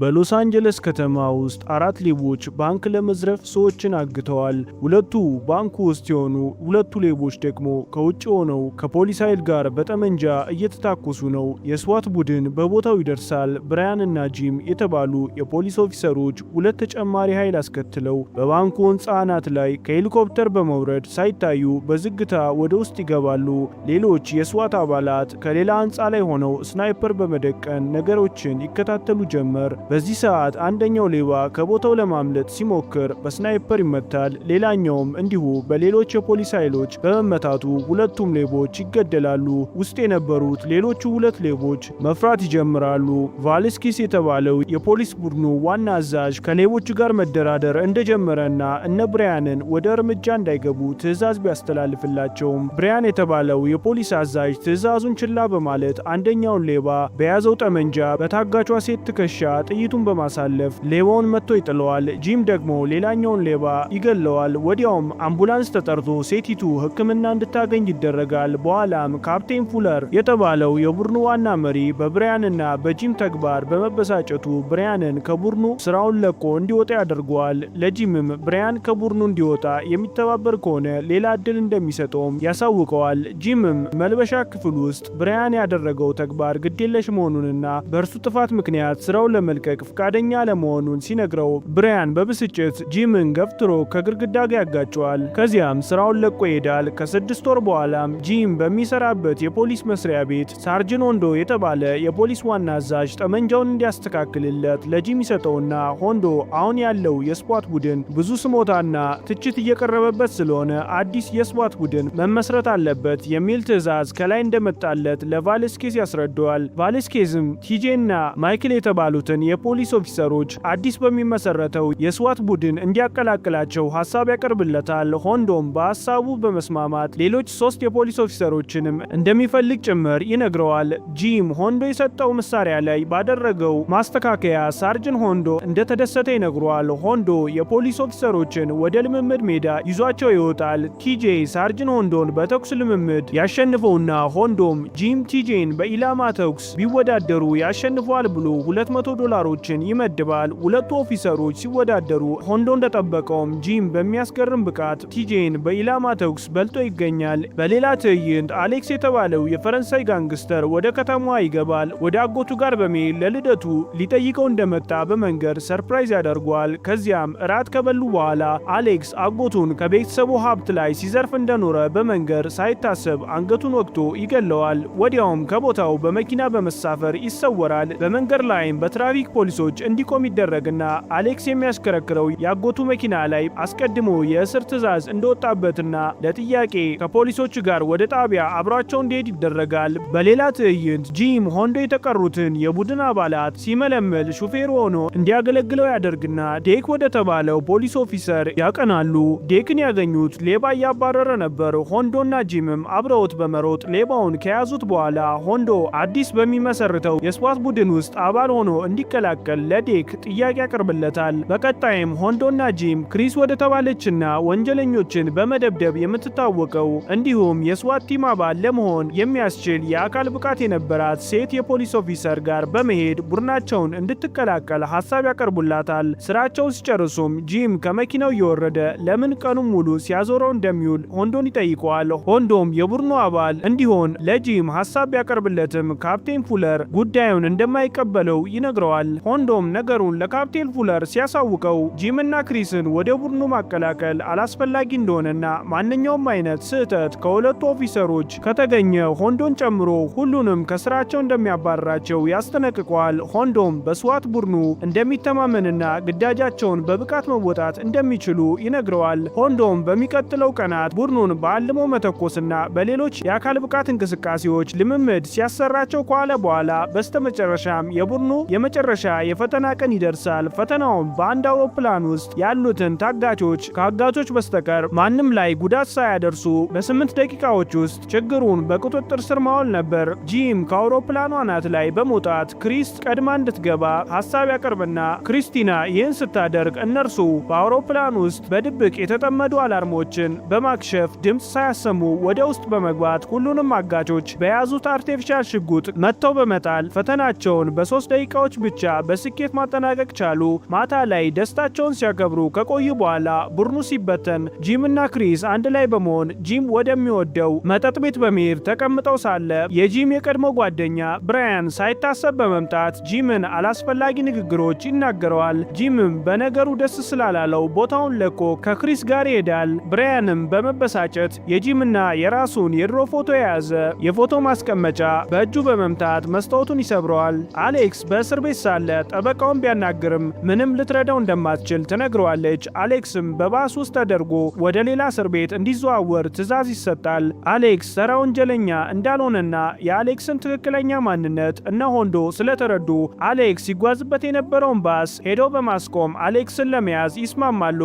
በሎስ አንጀለስ ከተማ ውስጥ አራት ሌቦች ባንክ ለመዝረፍ ሰዎችን አግተዋል። ሁለቱ ባንኩ ውስጥ የሆኑ ሁለቱ ሌቦች ደግሞ ከውጭ ሆነው ከፖሊስ ኃይል ጋር በጠመንጃ እየተታኮሱ ነው። የስዋት ቡድን በቦታው ይደርሳል። ብራያን እና ጂም የተባሉ የፖሊስ ኦፊሰሮች ሁለት ተጨማሪ ኃይል አስከትለው በባንኩ ሕንፃ አናት ላይ ከሄሊኮፕተር በመውረድ ሳይታዩ በዝግታ ወደ ውስጥ ይገባሉ። ሌሎች የስዋት አባላት ከሌላ ሕንፃ ላይ ሆነው ስናይፐር በመደቀን ነገሮችን ይከታተሉ ጀመር። በዚህ ሰዓት አንደኛው ሌባ ከቦታው ለማምለጥ ሲሞክር በስናይፐር ይመታል፣ ሌላኛውም እንዲሁ በሌሎች የፖሊስ ኃይሎች በመመታቱ ሁለቱም ሌቦች ይገደላሉ። ውስጥ የነበሩት ሌሎቹ ሁለት ሌቦች መፍራት ይጀምራሉ። ቫልስኪስ የተባለው የፖሊስ ቡድኑ ዋና አዛዥ ከሌቦቹ ጋር መደራደር እንደጀመረና እነ ብሪያንን ወደ እርምጃ እንዳይገቡ ትዕዛዝ ቢያስተላልፍላቸውም ብሪያን የተባለው የፖሊስ አዛዥ ትዕዛዙን ችላ በማለት አንደኛውን ሌባ በያዘው ጠመንጃ በታጋቿ ሴት ትከሻ ጥይቱን በማሳለፍ ሌባውን መጥቶ ይጥለዋል። ጂም ደግሞ ሌላኛውን ሌባ ይገለዋል። ወዲያውም አምቡላንስ ተጠርቶ ሴቲቱ ሕክምና እንድታገኝ ይደረጋል። በኋላም ካፕቴን ፉለር የተባለው የቡድኑ ዋና መሪ በብሪያንና በጂም ተግባር በመበሳጨቱ ብሪያንን ከቡድኑ ስራውን ለቆ እንዲወጣ ያደርገዋል። ለጂምም ብሪያን ከቡድኑ እንዲወጣ የሚተባበር ከሆነ ሌላ እድል እንደሚሰጠውም ያሳውቀዋል። ጂምም መልበሻ ክፍል ውስጥ ብሪያን ያደረገው ተግባር ግዴለሽ መሆኑንና በእርሱ ጥፋት ምክንያት ስራውን ለመልቀ ለመልቀቅ ፍቃደኛ ለመሆኑን ሲነግረው ብራያን በብስጭት ጂምን ገፍትሮ ከግድግዳ ጋር ያጋጨዋል። ከዚያም ስራውን ለቆ ይሄዳል። ከስድስት ወር በኋላም ጂም በሚሰራበት የፖሊስ መስሪያ ቤት ሳርጅን ሆንዶ የተባለ የፖሊስ ዋና አዛዥ ጠመንጃውን እንዲያስተካክልለት ለጂም ይሰጠውና ሆንዶ አሁን ያለው የስኳት ቡድን ብዙ ስሞታና ትችት እየቀረበበት ስለሆነ አዲስ የስዋት ቡድን መመስረት አለበት የሚል ትዕዛዝ ከላይ እንደመጣለት ለቫሌስኬዝ ያስረደዋል። ቫሌስኬዝም ቲጄና ማይክል የተባሉትን የ የፖሊስ ኦፊሰሮች አዲስ በሚመሰረተው የስዋት ቡድን እንዲያቀላቅላቸው ሀሳብ ያቀርብለታል። ሆንዶም በሀሳቡ በመስማማት ሌሎች ሶስት የፖሊስ ኦፊሰሮችንም እንደሚፈልግ ጭምር ይነግረዋል። ጂም ሆንዶ የሰጠው መሳሪያ ላይ ባደረገው ማስተካከያ ሳርጅን ሆንዶ እንደተደሰተ ይነግረዋል። ሆንዶ የፖሊስ ኦፊሰሮችን ወደ ልምምድ ሜዳ ይዟቸው ይወጣል። ቲጄ ሳርጅን ሆንዶን በተኩስ ልምምድ ያሸንፈውና ሆንዶም ጂም ቲጄን በኢላማ ተኩስ ቢወዳደሩ ያሸንፈዋል ብሎ 200 ዶላር አመራሮችን ይመድባል። ሁለቱ ኦፊሰሮች ሲወዳደሩ ሆንዶ እንደጠበቀውም ጂም በሚያስገርም ብቃት ቲጄን በኢላማ ተኩስ በልጦ ይገኛል። በሌላ ትዕይንት አሌክስ የተባለው የፈረንሳይ ጋንግስተር ወደ ከተማዋ ይገባል። ወደ አጎቱ ጋር በመሄድ ለልደቱ ሊጠይቀው እንደመጣ በመንገድ ሰርፕራይዝ ያደርጓል። ከዚያም እራት ከበሉ በኋላ አሌክስ አጎቱን ከቤተሰቡ ሀብት ላይ ሲዘርፍ እንደኖረ በመንገድ ሳይታሰብ አንገቱን ወቅቶ ይገለዋል። ወዲያውም ከቦታው በመኪና በመሳፈር ይሰወራል። በመንገድ ላይም በትራፊክ የትራፊክ ፖሊሶች እንዲቆም ይደረግና አሌክስ የሚያሽከረክረው ያጎቱ መኪና ላይ አስቀድሞ የእስር ትዕዛዝ እንደወጣበትና ለጥያቄ ከፖሊሶች ጋር ወደ ጣቢያ አብሯቸው እንዲሄድ ይደረጋል። በሌላ ትዕይንት ጂም ሆንዶ የተቀሩትን የቡድን አባላት ሲመለመል ሹፌሩ ሆኖ እንዲያገለግለው ያደርግና ዴክ ወደ ተባለው ፖሊስ ኦፊሰር ያቀናሉ። ዴክን ያገኙት ሌባ እያባረረ ነበር። ሆንዶና ጂምም አብረውት በመሮጥ ሌባውን ከያዙት በኋላ ሆንዶ አዲስ በሚመሰርተው የስፖርት ቡድን ውስጥ አባል ሆኖ እንዲቀ እንዲቀላቀል ለዴክ ጥያቄ ያቀርብለታል። በቀጣይም ሆንዶና ጂም ክሪስ ወደ ተባለችና ወንጀለኞችን በመደብደብ የምትታወቀው እንዲሁም የስዋት ቲም አባል ለመሆን የሚያስችል የአካል ብቃት የነበራት ሴት የፖሊስ ኦፊሰር ጋር በመሄድ ቡድናቸውን እንድትቀላቀል ሀሳብ ያቀርቡላታል። ስራቸው ሲጨርሱም ጂም ከመኪናው እየወረደ ለምን ቀኑን ሙሉ ሲያዞረው እንደሚውል ሆንዶን ይጠይቀዋል። ሆንዶም የቡድኑ አባል እንዲሆን ለጂም ሀሳብ ቢያቀርብለትም ካፕቴን ፉለር ጉዳዩን እንደማይቀበለው ይነግረዋል። ይችላል። ሆንዶም ነገሩን ለካፕቴን ፉለር ሲያሳውቀው ጂምና ክሪስን ወደ ቡድኑ ማቀላቀል አላስፈላጊ እንደሆነና ማንኛውም አይነት ስህተት ከሁለቱ ኦፊሰሮች ከተገኘ ሆንዶን ጨምሮ ሁሉንም ከስራቸው እንደሚያባርራቸው ያስጠነቅቋል። ሆንዶም በስዋት ቡድኑ እንደሚተማመንና ግዳጃቸውን በብቃት መወጣት እንደሚችሉ ይነግረዋል። ሆንዶም በሚቀጥለው ቀናት ቡድኑን በአልሞ መተኮስና በሌሎች የአካል ብቃት እንቅስቃሴዎች ልምምድ ሲያሰራቸው ከኋላ በኋላ በስተመጨረሻም የቡድኑ የመጨረሻ በመጨረሻ የፈተና ቀን ይደርሳል። ፈተናውም በአንድ አውሮፕላን ውስጥ ያሉትን ታጋቾች ከአጋቾች በስተቀር ማንም ላይ ጉዳት ሳያደርሱ በስምንት ደቂቃዎች ውስጥ ችግሩን በቁጥጥር ስር ማዋል ነበር። ጂም ከአውሮፕላኑ አናት ላይ በመውጣት ክሪስት ቀድማ እንድትገባ ሀሳብ ያቀርብና ክሪስቲና ይህን ስታደርግ እነርሱ በአውሮፕላን ውስጥ በድብቅ የተጠመዱ አላርሞችን በማክሸፍ ድምፅ ሳያሰሙ ወደ ውስጥ በመግባት ሁሉንም አጋቾች በያዙት አርቴፊሻል ሽጉጥ መጥተው በመጣል ፈተናቸውን በሶስት ደቂቃዎች ብቻ በስኬት ማጠናቀቅ ቻሉ። ማታ ላይ ደስታቸውን ሲያከብሩ ከቆዩ በኋላ ቡድኑ ሲበተን ጂምና ክሪስ አንድ ላይ በመሆን ጂም ወደሚወደው መጠጥ ቤት በመሄድ ተቀምጠው ሳለ የጂም የቀድሞ ጓደኛ ብራያን ሳይታሰብ በመምጣት ጂምን አላስፈላጊ ንግግሮች ይናገረዋል። ጂምም በነገሩ ደስ ስላላለው ቦታውን ለቆ ከክሪስ ጋር ይሄዳል። ብራያንም በመበሳጨት የጂምና የራሱን የድሮ ፎቶ የያዘ የፎቶ ማስቀመጫ በእጁ በመምታት መስታወቱን ይሰብረዋል። አሌክስ በእስር ቤት እንዳለ ጠበቃውን ቢያናግርም ምንም ልትረዳው እንደማትችል ትነግረዋለች። አሌክስም በባስ ውስጥ ተደርጎ ወደ ሌላ እስር ቤት እንዲዘዋወር ትዕዛዝ ይሰጣል። አሌክስ ሰራ ወንጀለኛ እንዳልሆነና የአሌክስን ትክክለኛ ማንነት እነ ሆንዶ ስለተረዱ አሌክስ ሲጓዝበት የነበረውን ባስ ሄደው በማስቆም አሌክስን ለመያዝ ይስማማሉ።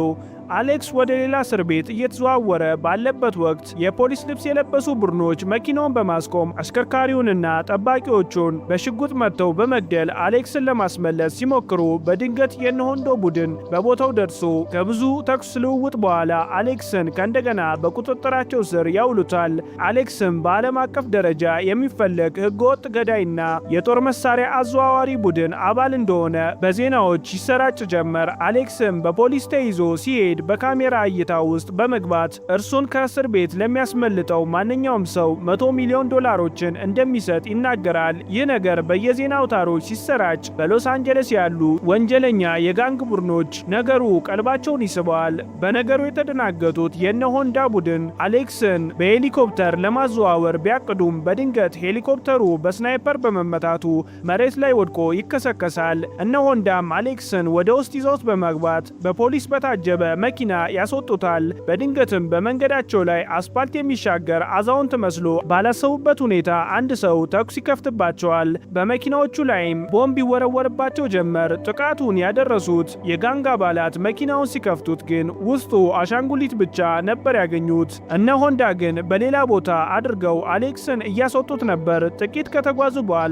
አሌክስ ወደ ሌላ እስር ቤት እየተዘዋወረ ባለበት ወቅት የፖሊስ ልብስ የለበሱ ቡድኖች መኪናውን በማስቆም አሽከርካሪውንና ጠባቂዎቹን በሽጉጥ መጥተው በመግደል አሌክስን ለማስመለስ ሲሞክሩ በድንገት የነሆንዶ ቡድን በቦታው ደርሶ ከብዙ ተኩስ ልውውጥ በኋላ አሌክስን ከእንደገና በቁጥጥራቸው ስር ያውሉታል። አሌክስም በዓለም አቀፍ ደረጃ የሚፈለግ ህገወጥ ገዳይና የጦር መሳሪያ አዘዋዋሪ ቡድን አባል እንደሆነ በዜናዎች ይሰራጭ ጀመር። አሌክስም በፖሊስ ተይዞ ሲሄድ በካሜራ እይታ ውስጥ በመግባት እርሱን ከእስር ቤት ለሚያስመልጠው ማንኛውም ሰው መቶ ሚሊዮን ዶላሮችን እንደሚሰጥ ይናገራል። ይህ ነገር በየዜና አውታሮች ሲሰራጭ በሎስ አንጀለስ ያሉ ወንጀለኛ የጋንግ ቡድኖች ነገሩ ቀልባቸውን ይስበዋል። በነገሩ የተደናገጡት የነ ሆንዳ ቡድን አሌክስን በሄሊኮፕተር ለማዘዋወር ቢያቅዱም በድንገት ሄሊኮፕተሩ በስናይፐር በመመታቱ መሬት ላይ ወድቆ ይከሰከሳል። እነ ሆንዳም አሌክስን ወደ ውስጥ ይዘውት በመግባት በፖሊስ በታጀበ መኪና ያስወጡታል። በድንገትም በመንገዳቸው ላይ አስፓልት የሚሻገር አዛውንት መስሎ ባላሰቡበት ሁኔታ አንድ ሰው ተኩስ ይከፍትባቸዋል። በመኪናዎቹ ላይም ቦምብ ይወረወርባቸው ጀመር። ጥቃቱን ያደረሱት የጋንግ አባላት መኪናውን ሲከፍቱት ግን ውስጡ አሻንጉሊት ብቻ ነበር ያገኙት። እነ ሆንዳ ግን በሌላ ቦታ አድርገው አሌክስን እያስወጡት ነበር። ጥቂት ከተጓዙ በኋላ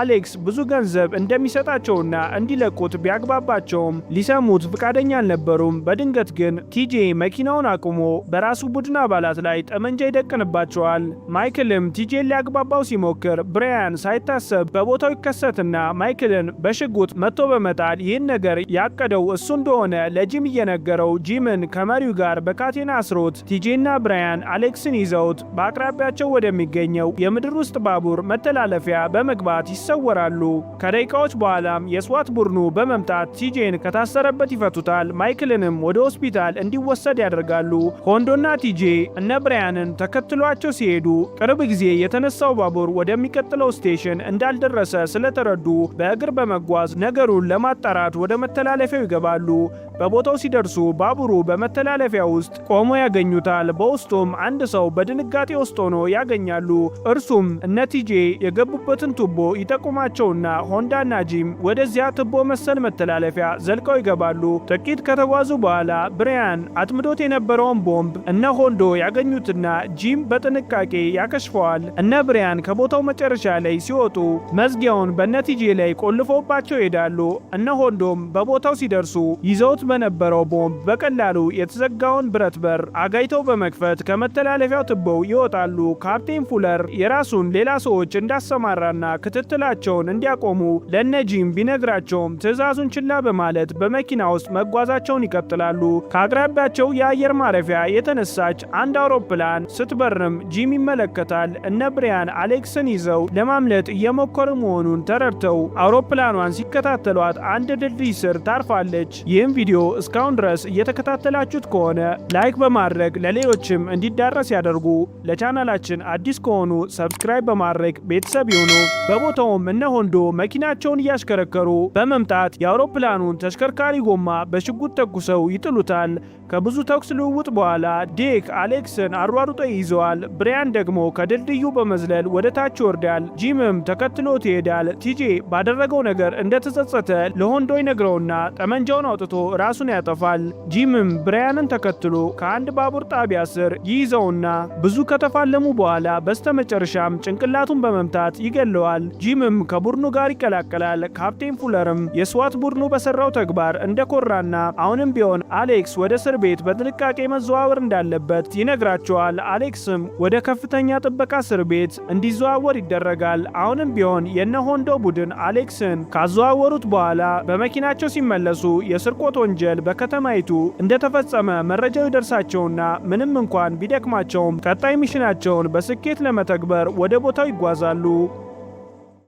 አሌክስ ብዙ ገንዘብ እንደሚሰጣቸውና እንዲለቁት ቢያግባባቸውም ሊሰሙት ፍቃደኛ አልነበሩም። በድንገት ግን ቲጄ መኪናውን አቁሞ በራሱ ቡድን አባላት ላይ ጠመንጃ ይደቅንባቸዋል። ማይክልም ቲጄን ሊያግባባው ሲሞክር ብራያን ሳይታሰብ በቦታው ይከሰትና ማይክልን በሽጉጥ መቶ በመጣል ይህን ነገር ያቀደው እሱ እንደሆነ ለጂም እየነገረው ጂምን ከመሪው ጋር በካቴና አስሮት ቲጄና ብራያን አሌክስን ይዘውት በአቅራቢያቸው ወደሚገኘው የምድር ውስጥ ባቡር መተላለፊያ በመግባት ይሰወራሉ። ከደቂቃዎች በኋላም የስዋት ቡድኑ በመምጣት ቲጄን ከታሰረበት ይፈቱታል። ማይክልንም ወደ ሆስፒ ሆስፒታል እንዲወሰድ ያደርጋሉ። ሆንዶና ቲጄ እነ ብራያንን ተከትሏቸው ሲሄዱ ቅርብ ጊዜ የተነሳው ባቡር ወደሚቀጥለው ስቴሽን እንዳልደረሰ ስለተረዱ በእግር በመጓዝ ነገሩን ለማጣራት ወደ መተላለፊያው ይገባሉ። በቦታው ሲደርሱ ባቡሩ በመተላለፊያ ውስጥ ቆሞ ያገኙታል። በውስጡም አንድ ሰው በድንጋጤ ውስጥ ሆኖ ያገኛሉ። እርሱም እነቲጄ የገቡበትን ቱቦ ይጠቁማቸውና ሆንዳና ጂም ወደዚያ ቱቦ መሰል መተላለፊያ ዘልቀው ይገባሉ። ጥቂት ከተጓዙ በኋላ ብሪያን አጥምዶት የነበረውን ቦምብ እነ ሆንዶ ያገኙትና ጂም በጥንቃቄ ያከሽፈዋል። እነ ብሪያን ከቦታው መጨረሻ ላይ ሲወጡ መዝጊያውን በነቲጄ ላይ ቆልፎባቸው ይሄዳሉ። እነ ሆንዶም በቦታው ሲደርሱ ይዘውት በነበረው ቦምብ በቀላሉ የተዘጋውን ብረት በር አጋይተው በመክፈት ከመተላለፊያው ትበው ይወጣሉ። ካፕቴን ፉለር የራሱን ሌላ ሰዎች እንዳሰማራና ክትትላቸውን እንዲያቆሙ ለነ ጂም ቢነግራቸውም ትዕዛዙን ችላ በማለት በመኪና ውስጥ መጓዛቸውን ይቀጥላሉ። ከአቅራቢያቸው የአየር ማረፊያ የተነሳች አንድ አውሮፕላን ስትበርም ጂም ይመለከታል። እነ ብሪያን አሌክስን ይዘው ለማምለጥ እየሞከሩ መሆኑን ተረድተው አውሮፕላኗን ሲከታተሏት አንድ ድልድይ ስር ታርፋለች። ይህም ቪዲዮ ቪዲዮ እስካሁን ድረስ እየተከታተላችሁት ከሆነ ላይክ በማድረግ ለሌሎችም እንዲዳረስ ያደርጉ። ለቻናላችን አዲስ ከሆኑ ሰብስክራይብ በማድረግ ቤተሰብ ይሁኑ። በቦታውም እነ ሆንዶ መኪናቸውን እያሽከረከሩ በመምጣት የአውሮፕላኑን ተሽከርካሪ ጎማ በሽጉጥ ተኩሰው ይጥሉታል። ከብዙ ተኩስ ልውውጥ በኋላ ዴክ አሌክስን አሯሩጦ ይዘዋል። ብሪያን ደግሞ ከድልድዩ በመዝለል ወደ ታች ይወርዳል። ጂምም ተከትሎት ይሄዳል። ቲጄ ባደረገው ነገር እንደተጸጸተ ለሆንዶ ይነግረውና ጠመንጃውን አውጥቶ ራሱን ያጠፋል። ጂምም ብራያንን ተከትሎ ከአንድ ባቡር ጣቢያ ስር ይይዘውና ብዙ ከተፋለሙ በኋላ በስተመጨረሻም ጭንቅላቱን በመምታት ይገለዋል። ጂምም ከቡድኑ ጋር ይቀላቀላል። ካፕቴን ፉለርም የስዋት ቡድኑ በሰራው ተግባር እንደኮራና አሁንም ቢሆን አሌክስ ወደ እስር ቤት በጥንቃቄ መዘዋወር እንዳለበት ይነግራቸዋል። አሌክስም ወደ ከፍተኛ ጥበቃ እስር ቤት እንዲዘዋወር ይደረጋል። አሁንም ቢሆን የነ ሆንዶ ቡድን አሌክስን ካዘዋወሩት በኋላ በመኪናቸው ሲመለሱ የስርቆት ወንጀል በከተማይቱ እንደተፈጸመ መረጃው ይደርሳቸውና ምንም እንኳን ቢደክማቸውም ቀጣይ ሚሽናቸውን በስኬት ለመተግበር ወደ ቦታው ይጓዛሉ።